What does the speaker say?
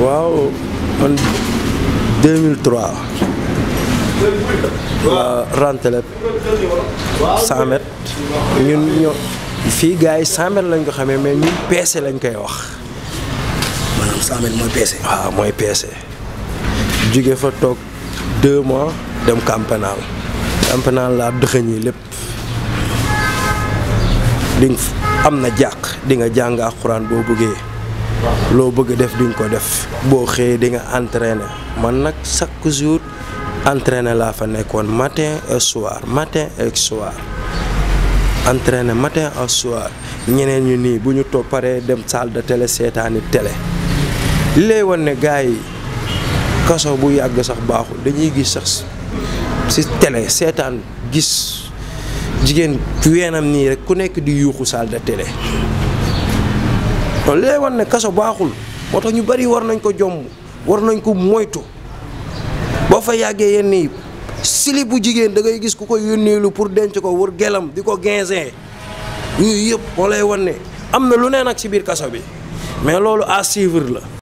waaw man 2003 ñun ñoo fii gars yi 100 lañ ko xamee mais ñun peese lañ koy wax maanaam 100 mooy peese. waaw jóge fa toog 2 mois dem campenal campenal laa dëxëñi lépp di am na jàq di nga jàng alxuraan boo bëggee. loo bëgg def duñ ko def boo xëyee di nga entraîner man nag chaque jour entraîner laa fa nekkoon matin et soir matin et soir entraîner matin et soir ñeneen ñu nii bu ñu toog paree dem salle de télé seetaani télé li lay wan ne gars yi kaso bu yàgg sax baaxul dañuy gis sax ci télé seetaan gis jigéen weenam nii rek ku nekk di yuuxu salle de télé loolu lay wan ne kaso baaxul moo tax ñu bari war nañ ko jomm war nañ ko moytu boo fa yàggee yenn yi sili bu jigéen da ngay gis ku ko yónneelu pour denc ko wër gelam di ko ginzin yooyu yëpp moo lay wan ne am na lu ne nag ci biir kaso bi mais loolu à suivre la